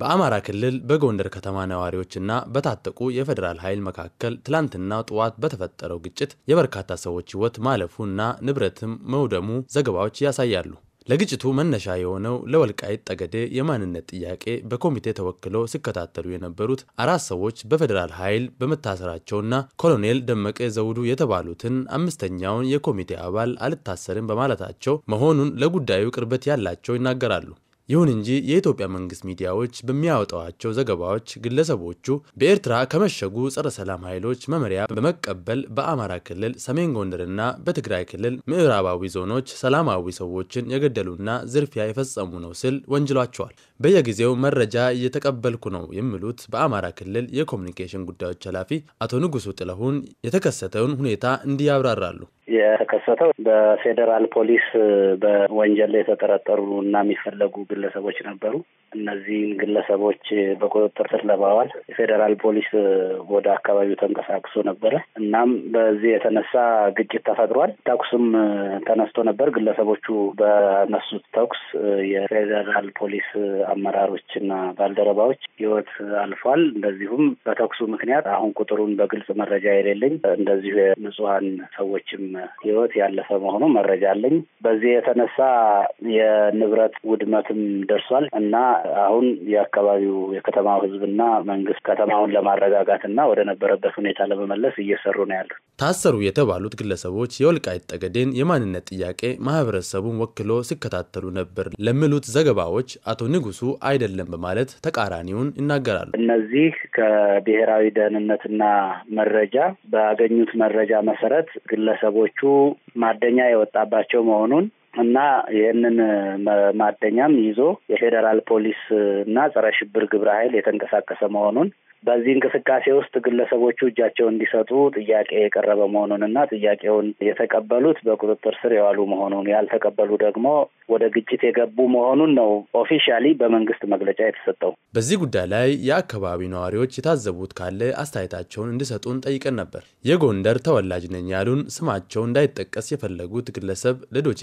በአማራ ክልል በጎንደር ከተማ ነዋሪዎችና በታጠቁ የፌዴራል ኃይል መካከል ትላንትና ጠዋት በተፈጠረው ግጭት የበርካታ ሰዎች ሕይወት ማለፉና ንብረትም መውደሙ ዘገባዎች ያሳያሉ። ለግጭቱ መነሻ የሆነው ለወልቃይት ጠገዴ የማንነት ጥያቄ በኮሚቴ ተወክለው ሲከታተሉ የነበሩት አራት ሰዎች በፌዴራል ኃይል በመታሰራቸውና ኮሎኔል ደመቀ ዘውዱ የተባሉትን አምስተኛውን የኮሚቴ አባል አልታሰርም በማለታቸው መሆኑን ለጉዳዩ ቅርበት ያላቸው ይናገራሉ። ይሁን እንጂ የኢትዮጵያ መንግስት ሚዲያዎች በሚያወጣዋቸው ዘገባዎች ግለሰቦቹ በኤርትራ ከመሸጉ ጸረ ሰላም ኃይሎች መመሪያ በመቀበል በአማራ ክልል ሰሜን ጎንደርና በትግራይ ክልል ምዕራባዊ ዞኖች ሰላማዊ ሰዎችን የገደሉና ዝርፊያ የፈጸሙ ነው ሲል ወንጅሏቸዋል። በየጊዜው መረጃ እየተቀበልኩ ነው የሚሉት በአማራ ክልል የኮሚኒኬሽን ጉዳዮች ኃላፊ አቶ ንጉሱ ጥለሁን የተከሰተውን ሁኔታ እንዲህ ያብራራሉ። የተከሰተው በፌዴራል ፖሊስ በወንጀል የተጠረጠሩ እና የሚፈለጉ ግለሰቦች ነበሩ። እነዚህን ግለሰቦች በቁጥጥር ስር ለማዋል የፌዴራል ፖሊስ ወደ አካባቢው ተንቀሳቅሶ ነበረ። እናም በዚህ የተነሳ ግጭት ተፈጥሯል። ተኩስም ተነስቶ ነበር። ግለሰቦቹ በነሱት ተኩስ የፌዴራል ፖሊስ አመራሮች እና ባልደረባዎች ሕይወት አልፏል። እንደዚሁም በተኩሱ ምክንያት አሁን ቁጥሩን በግልጽ መረጃ የሌለኝ እንደዚሁ የንጹሀን ሰዎችም ህይወት ያለፈ መሆኑ መረጃ አለኝ። በዚህ የተነሳ የንብረት ውድመትም ደርሷል እና አሁን የአካባቢው የከተማው ህዝብና መንግስት ከተማውን ለማረጋጋትና ወደ ነበረበት ሁኔታ ለመመለስ እየሰሩ ነው ያሉ ታሰሩ የተባሉት ግለሰቦች የወልቃይት ጠገዴን የማንነት ጥያቄ ማህበረሰቡን ወክሎ ሲከታተሉ ነበር ለሚሉት ዘገባዎች አቶ ንጉሱ አይደለም በማለት ተቃራኒውን ይናገራሉ። እነዚህ ከብሔራዊ ደህንነትና መረጃ በአገኙት መረጃ መሰረት ግለሰቦች ሰዎቹ ማደኛ የወጣባቸው መሆኑን እና ይህንን ማደኛም ይዞ የፌዴራል ፖሊስ እና ጸረ ሽብር ግብረ ኃይል የተንቀሳቀሰ መሆኑን በዚህ እንቅስቃሴ ውስጥ ግለሰቦቹ እጃቸውን እንዲሰጡ ጥያቄ የቀረበ መሆኑን እና ጥያቄውን የተቀበሉት በቁጥጥር ስር የዋሉ መሆኑን ያልተቀበሉ ደግሞ ወደ ግጭት የገቡ መሆኑን ነው ኦፊሻሊ በመንግስት መግለጫ የተሰጠው። በዚህ ጉዳይ ላይ የአካባቢ ነዋሪዎች የታዘቡት ካለ አስተያየታቸውን እንዲሰጡን ጠይቀን ነበር። የጎንደር ተወላጅ ነኝ ያሉን ስማቸው እንዳይጠቀስ የፈለጉት ግለሰብ ለዶቼ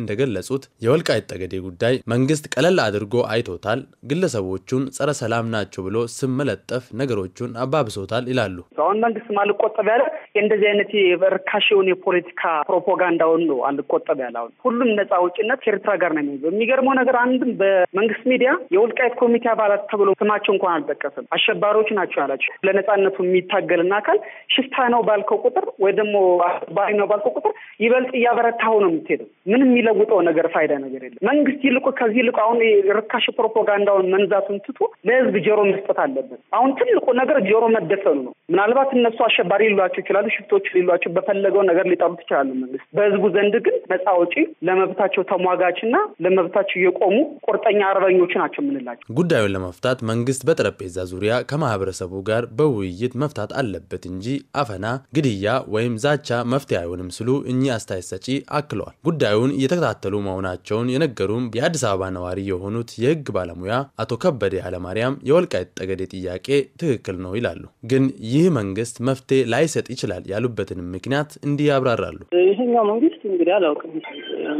እንደገለጹት የወልቃይት ጠገዴ ጉዳይ መንግስት ቀለል አድርጎ አይቶታል። ግለሰቦቹን ጸረ ሰላም ናቸው ብሎ ስም መለጠፍ ነገሮቹን አባብሶታል ይላሉ። አሁን መንግስት አልቆጠብ ያለ እንደዚህ አይነት ርካሽ የፖለቲካ ፕሮፓጋንዳውን ነው አልቆጠብ ያለ። አሁን ሁሉም ነጻ አውጭነት ከኤርትራ ጋር ነው የሚ የሚገርመው ነገር አንድም በመንግስት ሚዲያ የወልቃይት ኮሚቴ አባላት ተብሎ ስማቸው እንኳን አልጠቀስም። አሸባሪዎች ናቸው ያላቸው ለነጻነቱ የሚታገልና አካል ሽፍታ ነው ባልከው ቁጥር ወይ ደግሞ አሸባሪ ነው ባልከው ቁጥር ይበልጥ እያበረታው ነው የምትሄደው ምንም የሚለውጠው ነገር ፋይዳ ነገር የለም። መንግስት ይልቁ ከዚህ ይልቁ አሁን ርካሽ ፕሮፓጋንዳውን መንዛቱን ትቶ ለህዝብ ጆሮ መስጠት አለበት። አሁን ትልቁ ነገር ጆሮ መደፈኑ ነው። ምናልባት እነሱ አሸባሪ ሊሏቸው ይችላሉ፣ ሽፍቶች ሊሏቸው በፈለገው ነገር ሊጠሩ ይችላሉ። መንግስት በህዝቡ ዘንድ ግን ነጻ አውጪ፣ ለመብታቸው ተሟጋችና ለመብታቸው የቆሙ ቁርጠኛ አርበኞች ናቸው የምንላቸው። ጉዳዩን ለመፍታት መንግስት በጠረጴዛ ዙሪያ ከማህበረሰቡ ጋር በውይይት መፍታት አለበት እንጂ አፈና፣ ግድያ ወይም ዛቻ መፍትሄ አይሆንም ሲሉ እኚህ አስተያየት ሰጪ አክለዋል። ጉዳዩን እየተከታተሉ መሆናቸውን የነገሩም የአዲስ አበባ ነዋሪ የሆኑት የህግ ባለሙያ አቶ ከበደ ኃይለማርያም የወልቃይት ጠገዴ ጥያቄ ትክክል ነው ይላሉ። ግን ይህ መንግስት መፍትሄ ላይሰጥ ይችላል ያሉበትንም ምክንያት እንዲህ ያብራራሉ። ይሄኛው መንግስት እንግዲህ አላውቅም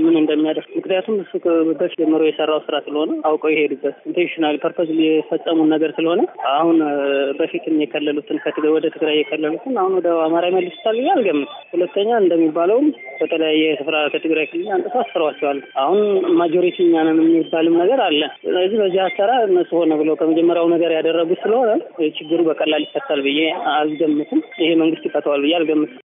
ምን እንደሚያደርግ ምክንያቱም እሱ በፊት ጀምሮ የሰራው ስራ ስለሆነ አውቀው የሄዱበት ኢንቴንሽናል ፐርፐዝ የፈጸሙን ነገር ስለሆነ አሁን በፊትም የከለሉትን ወደ ትግራይ የከለሉትን አሁን ወደ አማራ ይመልሱታል ብዬ አልገምትም። ሁለተኛ እንደሚባለውም በተለያየ ስፍራ ከትግራይ ክልል አንጥቶ አስፍረዋቸዋል። አሁን ማጆሪቲ እኛ ነን የሚባልም ነገር አለ። ስለዚህ በዚህ አሰራ እነሱ ሆነ ብለው ከመጀመሪያው ነገር ያደረጉት ስለሆነ ችግሩ በቀላል ይፈታል ብዬ አልገምትም። ይሄ መንግስት ይፈተዋል ብዬ አልገምትም።